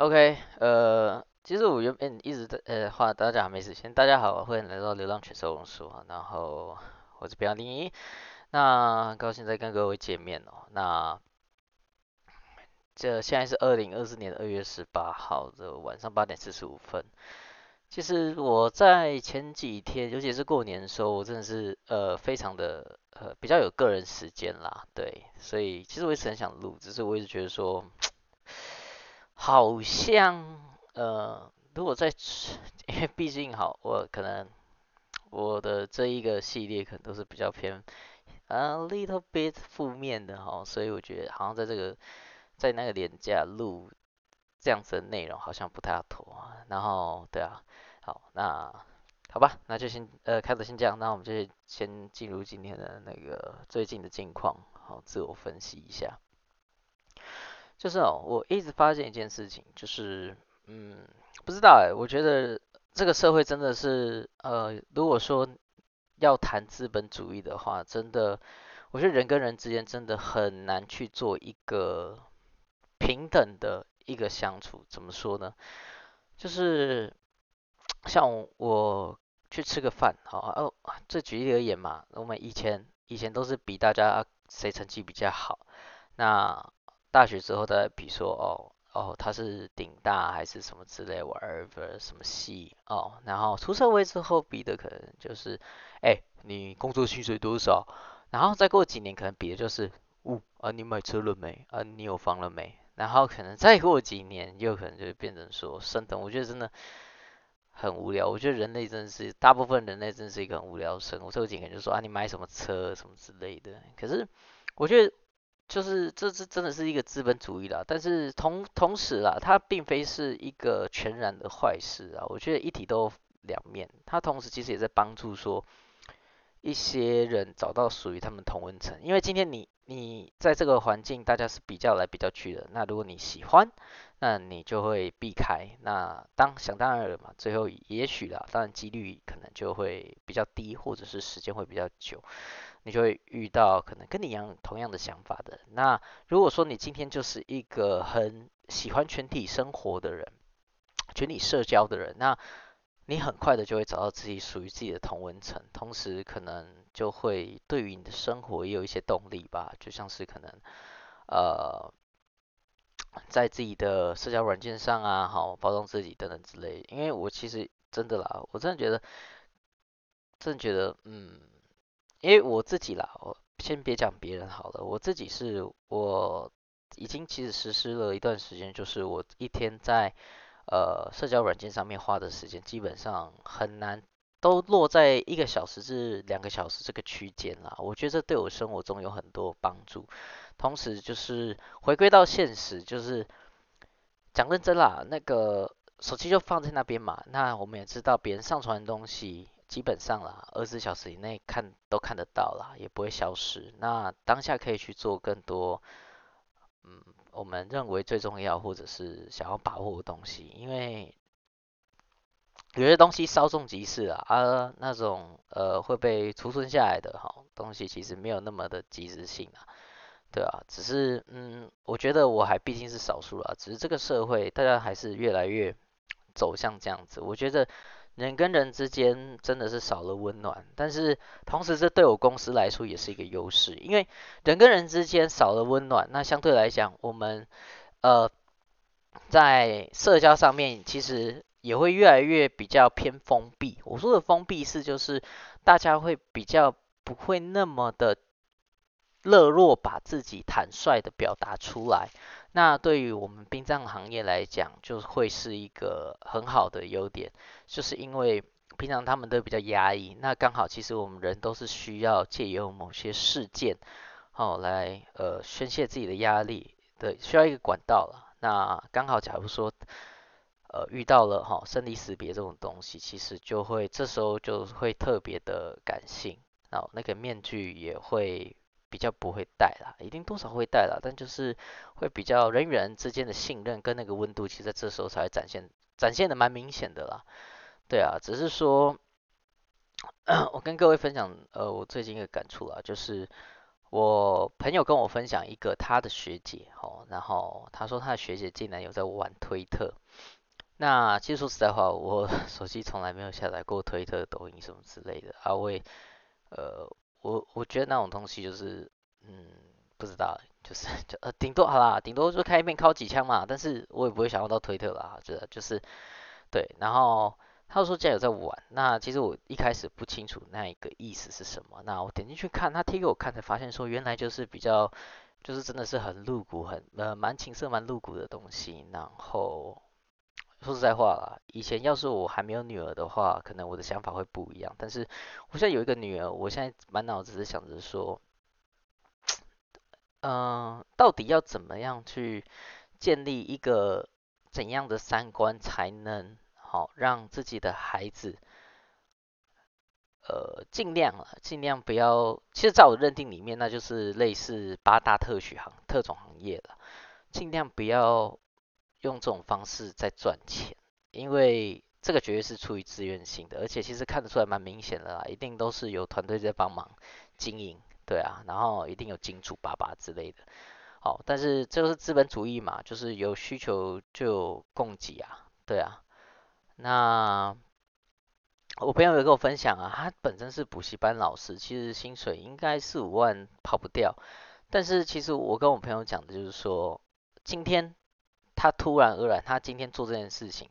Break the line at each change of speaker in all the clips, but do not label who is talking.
OK，呃，其實我原本一直在呃話大家還沒事先，大家好，歡迎來到流浪犬收容所。然後我是比 e y o，那很高興再跟各位見面哦、喔。那這現在是二零二四年二月十八號的晚上八點四十五分。其實我在前幾天，尤其是過年的時候，我真的是呃非常的呃比較有個人時間啦，對。所以其實我一直很想錄，只是我一直覺得說。好像呃，如果在，因為畢竟好，我可能我的這一個系列可能都是比較偏呃 little bit 負面的哈，所以我覺得好像在這個在那個連假錄這樣子的內容好像不太妥，然後對啊，好，那好吧，那就先呃開始先這樣，那我們就先進入今天的那個最近的近況，好，自我分析一下。就是哦，我一直發現一件事情，就是，嗯，不知道哎，我覺得這個社會真的是，呃，如果說要談資本主義的話，真的，我覺得人跟人之間真的很難去做一個平等的一個相處。怎麼說呢？就是像我，我去吃個飯，好，哦，這舉例而言嘛，我們以前以前都是比大家誰成績比較好，那。大學之後，他比如說哦哦，他是頂大還是什麼之類，whatever 什麼系哦，然後出社會之後比的可能就是，哎、欸，你工作薪水多少，然後再過幾年可能比的就是，嗚、哦、啊你買車了沒啊你有房了沒，然後可能再過幾年又可能就變成說升等，我覺得真的很無聊，我覺得人類真是大部分人類真是一個很無聊生我這會景可能就說啊你買什麼車什麼之類的，可是我覺得。就是這是真的是一個資本主義啦，但是同同時啦，它並非是一個全然的壞事啊。我覺得一體都兩面，它同時其實也在幫助說一些人找到屬於他們同溫層。因為今天你你在這個環境，大家是比較來比較去的。那如果你喜歡，那你就會避開。那當想當然了嘛，最後也許啦，當然幾率可能就會比較低，或者是時間會比較久。你就會遇到可能跟你一樣同樣的想法的。那如果說你今天就是一個很喜歡群體生活的人，群體社交的人，那你很快的就會找到自己屬於自己的同溫層，同時可能就會對於你的生活也有一些動力吧。就像是可能呃在自己的社交軟件上啊，好包裝自己等等之類。因為我其實真的啦，我真的覺得，真的覺得嗯。因為我自己啦，我先別講別人好了，我自己是我已經其實實施了一段時間，就是我一天在呃社交軟件上面花的時間，基本上很難都落在一個小時至兩個小時這個區間啦。我覺得這對我生活中有很多幫助，同時就是回歸到現實，就是講認真啦，那個手機就放在那邊嘛。那我們也知道，別人上傳的東西。基本上啦，二十四小時以內看都看得到啦，也不會消失。那當下可以去做更多，嗯，我們認為最重要或者是想要把握的東西，因為有些東西稍縱即逝啊，啊，那種呃會被儲存下來的哈、哦、東西，其實沒有那麼的即時性啊，對啊，只是嗯，我覺得我還畢竟是少數啦，只是這個社會大家還是越來越走向這樣子，我覺得。人跟人之間真的是少了溫暖，但是同時這對我公司來說也是一個優勢，因為人跟人之間少了溫暖，那相對來講，我們呃在社交上面其實也會越來越比較偏封閉。我說的封閉是，就是大家會比較不會那麼的熱絡，把自己坦率的表達出來。那對於我們殯葬行業來講，就會是一個很好的優點，就是因為平常他們都比較壓抑，那剛好其實我們人都是需要借由某些事件，好、哦、來呃宣洩自己的壓力，對，需要一個管道了。那剛好假如說呃遇到了哈、哦、生離死別這種東西，其實就會這時候就會特別的感性，然後那個面具也會。比較不會帶啦，一定多少會帶啦，但就是會比較人與人之間的信任跟那個溫度，其實在這時候才展現，展現的蠻明顯的啦。對啊，只是說、呃、我跟各位分享，呃，我最近一個感觸啊，就是我朋友跟我分享一個他的學姐哦，然後他說他的學姐竟然有在玩推特，那其實說實在話，我手機從來沒有下載過推特、抖音什麼之類的啊，我也呃。我我覺得那種東西就是，嗯，不知道，就是就呃，頂多好啦，頂多就開一邊尻幾槍嘛。但是我也不會想要到推特啦，就就，就是對。然後他說既然有在玩，那其實我一開始不清楚那一個意思是什麼。那我點進去看，他貼給我看才發現說，原來就是比較，就是真的是很露骨，很呃蠻情色蠻露骨的東西。然後。說實在話啦，以前要是我還沒有女兒的話，可能我的想法會不一樣。但是我現在有一個女兒，我現在滿腦子是想着說，嗯、呃，到底要怎麼樣去建立一個怎樣的三觀，才能好讓自己的孩子，呃，盡量啦，盡量不要。其實在我認定裡面，那就是類似八大特許行特種行業了，盡量不要，用這種方式在賺錢，因為這個絕對是出於自願性的，而且其實看得出來蠻明顯的啦。一定都是有團隊在幫忙經營，對啊，然後一定有金主爸爸之類的，好、哦，但是這個是資本主義嘛，就是有需求就有供給啊，對啊。那我朋友有跟我分享啊，他本身是補習班老師，其實薪水應該四五萬跑不掉，但是其實我跟我朋友講的就是說，今天。他突然而然，他今天做這件事情，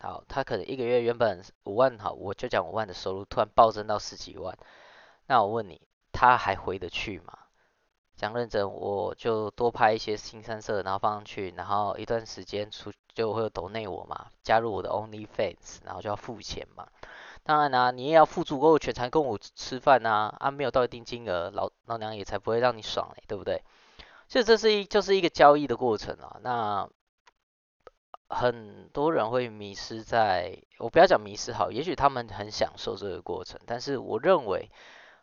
好，他可能一個月原本五萬好，我就講五萬的收入突然暴增到十幾萬，那我問你，他還回得去嗎？講認真，我就多拍一些新三色，然後放上去，然後一段時間出就會有抖內我嘛，加入我的 OnlyFans，然後就要付錢嘛。當然啦、啊，你也要付足夠的錢才跟我吃飯吶、啊，啊，沒有到一定金額，老老娘也才不會讓你爽嘞、欸，對不對？這，這是一，就是一個交易的過程啊。那很多人會迷失在，我不要講迷失好，也許他們很享受這個過程。但是我認為，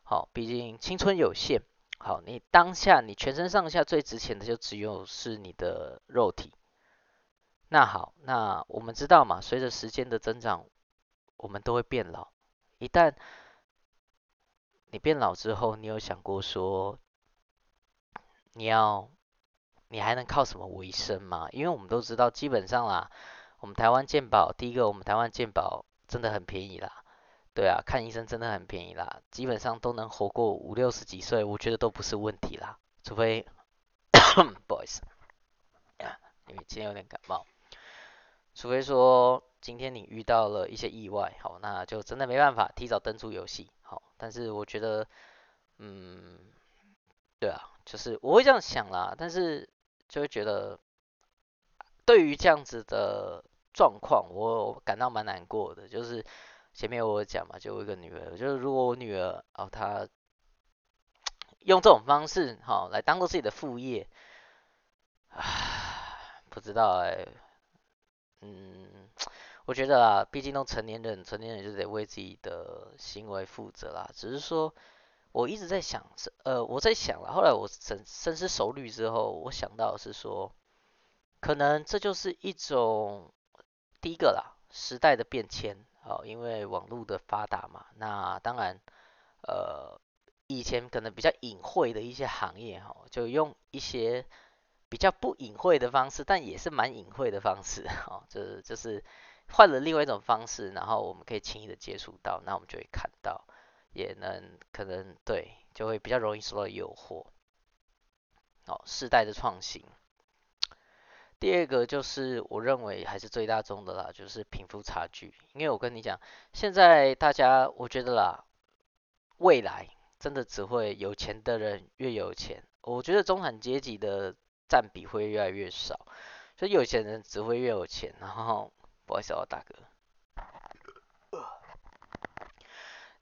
好、哦，畢竟青春有限。好，你當下你全身上下最值錢的就只有是你的肉體。那好，那我們知道嘛，隨着時間的增長，我們都會變老。一旦你變老之後，你有想過說？你要，你還能靠什麼維生嗎？因為我們都知道，基本上啦，我們台灣健保，第一個，我們台灣健保真的很便宜啦。對啊，看醫生真的很便宜啦，基本上都能活過五六十幾歲，我覺得都不是問題啦。除非，不好意思， 因為今天有點感冒，除非說今天你遇到了一些意外，好，那就真的沒辦法提早登出遊戲。好，但是我覺得，嗯，對啊。就是我會這樣想啦，但是就會覺得對於這樣子的狀況，我感到蠻難過的。就是前面我有講嘛，就我一個女兒，就是如果我女兒哦，她用這種方式哈、哦、來當做自己的副業，啊、不知道哎、欸，嗯，我覺得啊，畢竟都成年人，成年人就得為自己的行為負責啦。只是說。我一直在想，呃，我在想了，後來我深深思熟慮之後，我想到是說，可能這就是一種，第一個啦，時代的變遷啊、哦，因為網絡的發達嘛。那當然，呃，以前可能比較隱晦的一些行業哈、哦，就用一些比較不隱晦的方式，但也是蠻隱晦的方式啊、哦，就是就是換了另外一種方式，然後我們可以輕易的接觸到，那我們就會看到。也能可能對，就會比較容易受到誘惑。好、哦，世代的創新。第二個就是我認為還是最大眾的啦，就是貧富差距。因為我跟你講，現在大家我覺得啦，未來真的只會有錢的人越有錢，我覺得中產階級的佔比會越來越少，所以有錢人只會越有錢。然後，不好意思啊，大哥。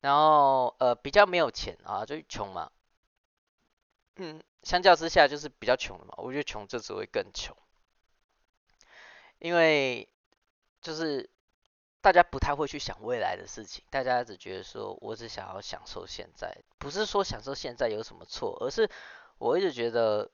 然後呃比較沒有錢啊，就窮嘛，嗯，相較之下就是比較窮的嘛。我覺得窮就只會更窮，因為就是大家不太會去想未來的事情，大家只覺得說我只想要享受現在。不是說享受現在有什麼錯，而是我一直覺得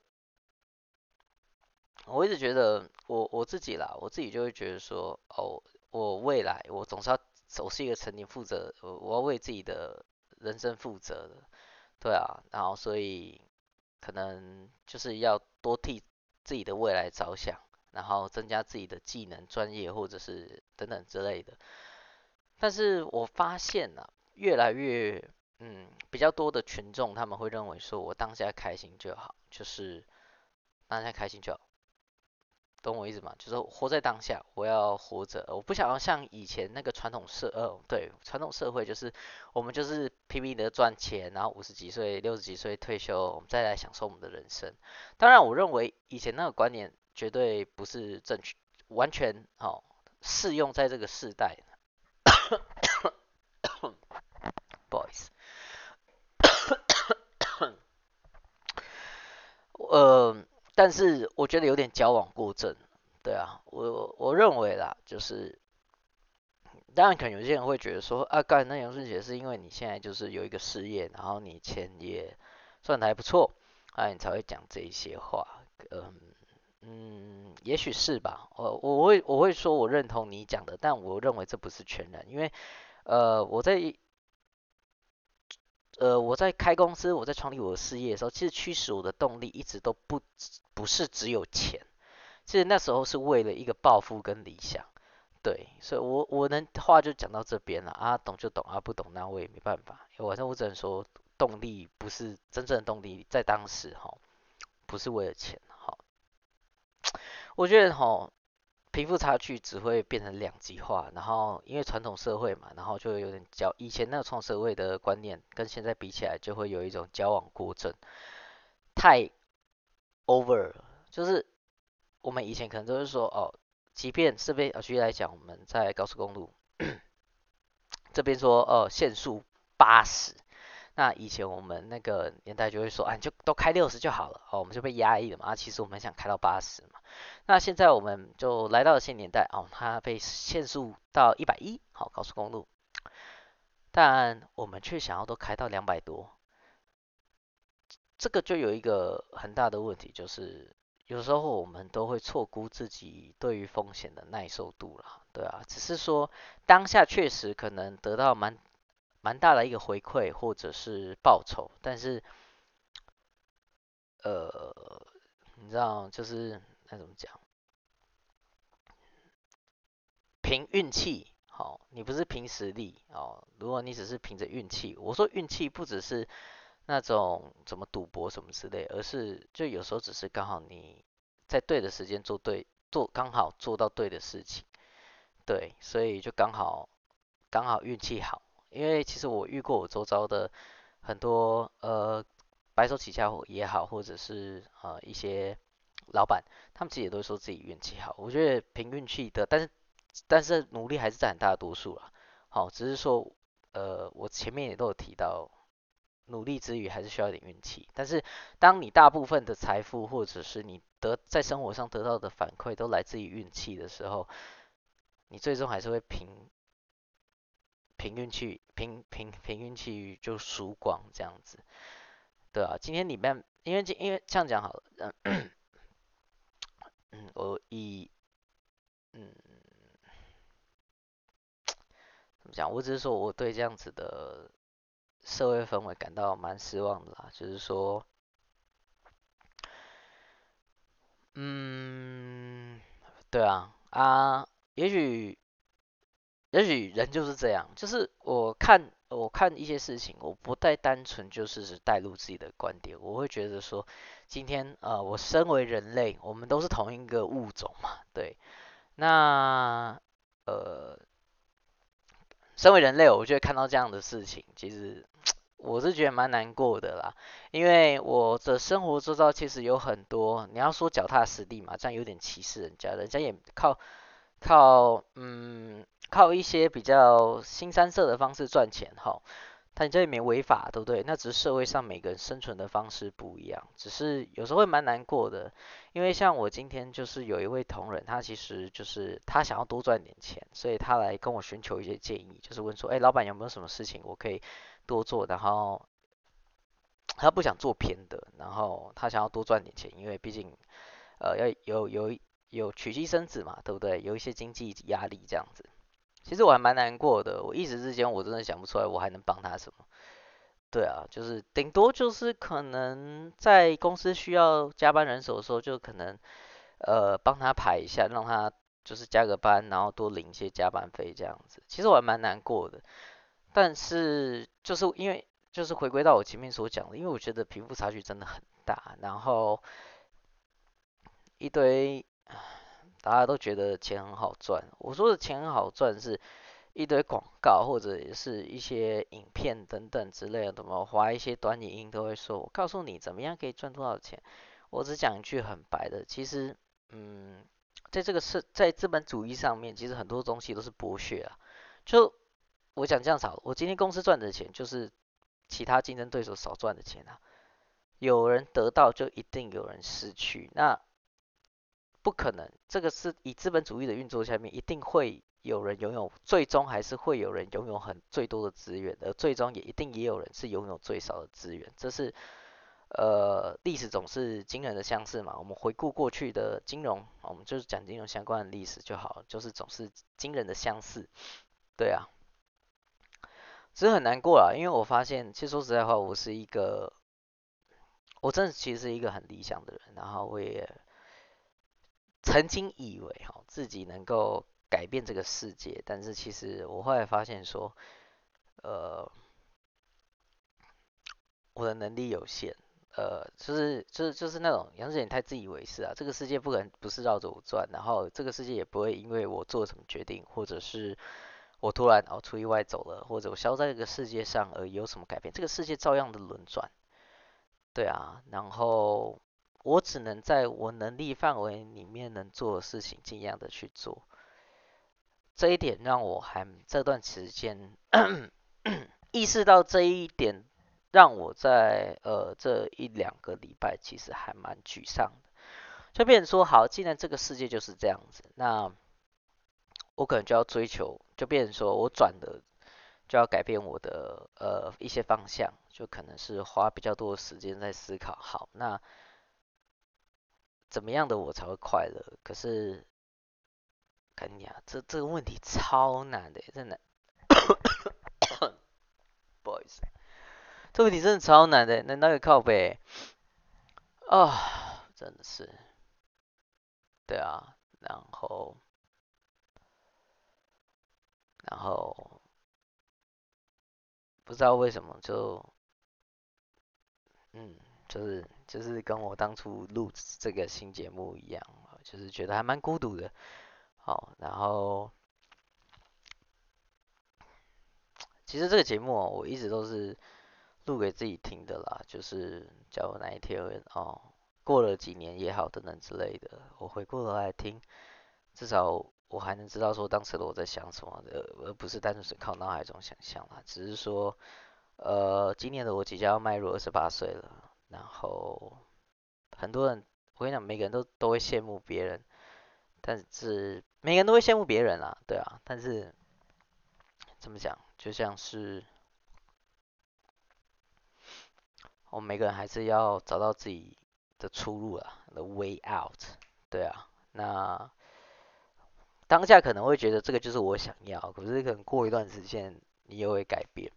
我一直覺得我我自己啦，我自己就會覺得說哦，我未來我總是要。我是一個成年負責的，我我要為自己的人生負責的，對啊，然後所以可能就是要多替自己的未來着想，然後增加自己的技能、專業或者是等等之類的。但是我發現呢、啊，越來越，嗯，比較多的群眾他們會認為說我當下開心就好，就是當下開心就好。懂我意思嗎？就是活在當下，我要活着，我不想要像以前那個傳統社，呃，對，傳統社會就是我們就是拼命的賺錢，然後五十幾歲、六十幾歲退休，我們再來享受我們的人生。當然，我認為以前那個觀念絕對不是正確，完全哦適用在這個時代。 不好意思， 呃。但是我覺得有點矯枉過正，對啊，我我認為啦，就是當然可能有些人會覺得說，啊，剛才那楊春杰是因為你現在就是有一個事業，然後你錢也算得還不錯，啊，你才會講這一些話，嗯嗯，也許是吧，我我會我會說我認同你講的，但我認為這不是全然，因為呃我在。呃，我在開公司，我在創立我的事業的時候，其實驅使我的動力一直都不不是只有錢，其實那時候是為了一個抱負跟理想，對，所以我，我我的話就講到這邊了啊，懂就懂啊，不懂那我也沒辦法，反正我只能說，動力不是真正的動力，在當時哈，不是為了錢哈，我覺得哈。貧富差距只會變成兩極化，然後因為傳統社會嘛，然後就有點交以前那個創社會的觀念跟現在比起來，就會有一種交往過程。太 over 了，就是我們以前可能都是說哦，即便這邊啊舉例來講，我們在高速公路這邊說哦限速八十。那以前我們那個年代就會說，啊就都開六十就好了，哦，我們就被壓抑了嘛。啊、其實我們很想開到八十嘛。那現在我們就來到了新年代，哦，它被限速到一百一，好，高速公路，但我們卻想要都開到兩百多。這個就有一個很大的問題，就是有時候我們都會錯估自己對於風險的耐受度了，對啊。只是說當下確實可能得到蠻。蠻大的一個回饋或者是報酬，但是，呃，你知道，就是那怎麼講，憑運氣好，你不是憑實力哦。如果你只是憑着運氣，我說運氣不只是那種什麼賭博什麼之類，而是就有時候只是剛好你在對的時間做對做，剛好做到對的事情，對，所以就剛好剛好運氣好。因為其實我遇過我周遭的很多呃白手起家也好，或者是呃一些老闆，他們其實也都說自己運氣好。我覺得憑運氣的，但是但是努力還是占很大的多數了。好、哦，只是說呃我前面也都有提到，努力之餘還是需要一點運氣。但是當你大部分的財富或者是你得在生活上得到的反饋都來自於運氣的時候，你最終還是會憑。憑運氣，憑憑憑運氣就輸光這樣子，對啊，今天你拜，因為今因為這樣講好了，嗯，我以，嗯，怎麼講？我只是說我對這樣子的社會氛圍感到蠻失望的啦，就是說，嗯，對啊，啊，也許。也許人就是這樣，就是我看我看一些事情，我不太單純就是只帶入自己的觀點，我會覺得說，今天呃，我身為人類，我們都是同一個物種嘛，對，那呃，身為人類，我就會看到這樣的事情，其實我是覺得蠻難過的啦，因為我的生活周遭其實有很多，你要說腳踏實地嘛，這樣有點歧視人家，人家也靠。靠，嗯，靠一些比較新三色的方式賺錢哈，但這也沒違法，對不對？那只是社會上每個人生存的方式不一樣，只是有時候會蠻難過的。因為像我今天就是有一位同仁，他其實就是他想要多賺點錢，所以他來跟我尋求一些建議，就是問說，哎、欸，老闆有沒有什麼事情我可以多做？然後他不想做偏的，然後他想要多賺點錢，因為畢竟，呃，要有有。有有有娶妻生子嘛，對不對？有一些經濟壓力這樣子，其實我還蠻難過的。我一時之間我真的想不出來我還能幫他什麼。對啊，就是頂多就是可能在公司需要加班人手的時候，就可能呃幫他排一下，讓他就是加個班，然後多領一些加班費這樣子。其實我還蠻難過的。但是就是因為就是回歸到我前面所講的，因為我覺得貧富差距真的很大，然後一堆。大家都覺得錢很好賺，我說的錢很好賺是一堆廣告或者是一些影片等等之類的，怎麼滑一些短影音都會說，我告訴你怎麼樣可以賺多少錢。我只講一句很白的，其實，嗯，在這個是在資本主義上面，其實很多東西都是剝削啊。就我講這樣子，我今天公司賺的錢就是其他競爭對手少賺的錢啊，有人得到就一定有人失去。那不可能，這個是以資本主義的運作下面，一定會有人擁有，最終還是會有人擁有很最多的資源，而最終也一定也有人是擁有最少的資源。這是，呃，歷史總是驚人的相似嘛。我們回顧過去的金融，我們就是講金融相關的歷史就好，就是總是驚人的相似。對啊，只是很難過啦，因為我發現，其實說實在話，我是一個，我真的其實是一個很理想的人，然後我也。曾經以為自己能夠改變這個世界，但是其實我後來發現說，呃，我的能力有限，呃，就是就是就是那種楊子演太自以為是啊，這個世界不可能不是繞着我轉，然後這個世界也不會因為我做什麼決定，或者是我突然哦出意外走了，或者我消失在這個世界上而有什麼改變，這個世界照樣的輪轉，對啊，然後。我只能在我能力範圍裡面能做的事情，盡量的去做。這一點讓我還這段時間 意識到這一點，讓我在呃這一兩個禮拜其實還蠻沮喪的。就變成說，好，既然這個世界就是這樣子，那我可能就要追求，就變成說我轉的就要改變我的呃一些方向，就可能是花比較多的時間在思考。好，那怎麼樣的我才會快樂？可是，哎呀，這這個問題超難的，真的。 不好意思，這個問題真的超難的，難道要靠北？啊、哦，真的是。對啊，然後，然後，不知道為什麼就，嗯，就是。就是跟我當初錄這個新節目一樣，就是覺得還蠻孤獨的。好、哦，然後其實這個節目啊、哦，我一直都是錄給自己聽的啦，就是叫我哪一天哦，過了幾年也好，等等之類的，我回過頭來聽，至少我還能知道說當時的我在想什麼的，而不是單純是靠腦海中想象啦。只是說，呃，今年的我即將要邁入二十八歲了。然後很多人，我跟你講，每個人都都會羨慕別人，但是每個人都會羨慕別人啦，對啊。但是怎麼講，就像是我們每個人還是要找到自己的出路啊，the way out，對啊。那當下可能會覺得這個就是我想要，可是可能過一段時間你又會改變。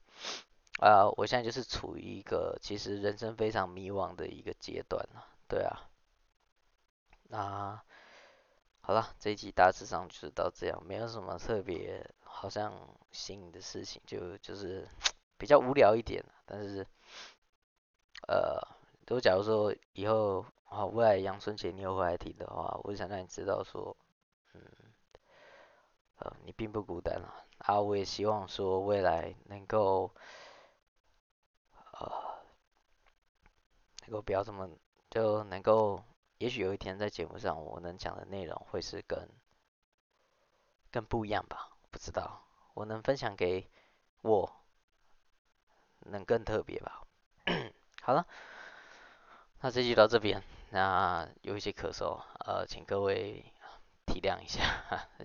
啊、呃，我現在就是處於一個其實人生非常迷惘的一個階段啊，對啊，那、啊、好了，這一集大致上就是到這樣，沒有什麼特別好像新的事情，就就是比較無聊一點、啊。但是，呃，都假如說以後啊，未來楊春前你有回來聽的話，我想讓你知道說，嗯、呃，你並不孤單啊，啊，我也希望說未來能夠。能夠不要這麼，就能夠，也許有一天在節目上，我能講的內容會是跟，更不一樣吧，不知道，我能分享給我，能更特別吧。 好了，那這集到這邊，那有一些咳嗽，呃，請各位、呃、體諒一下，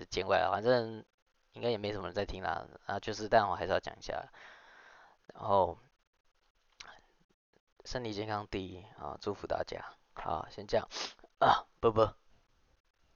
見怪了，反正應該也沒什麼人在聽啦，啊，就是但我還是要講一下，然後。身體健康第一啊！祝福大家，好，先這樣啊，拜拜。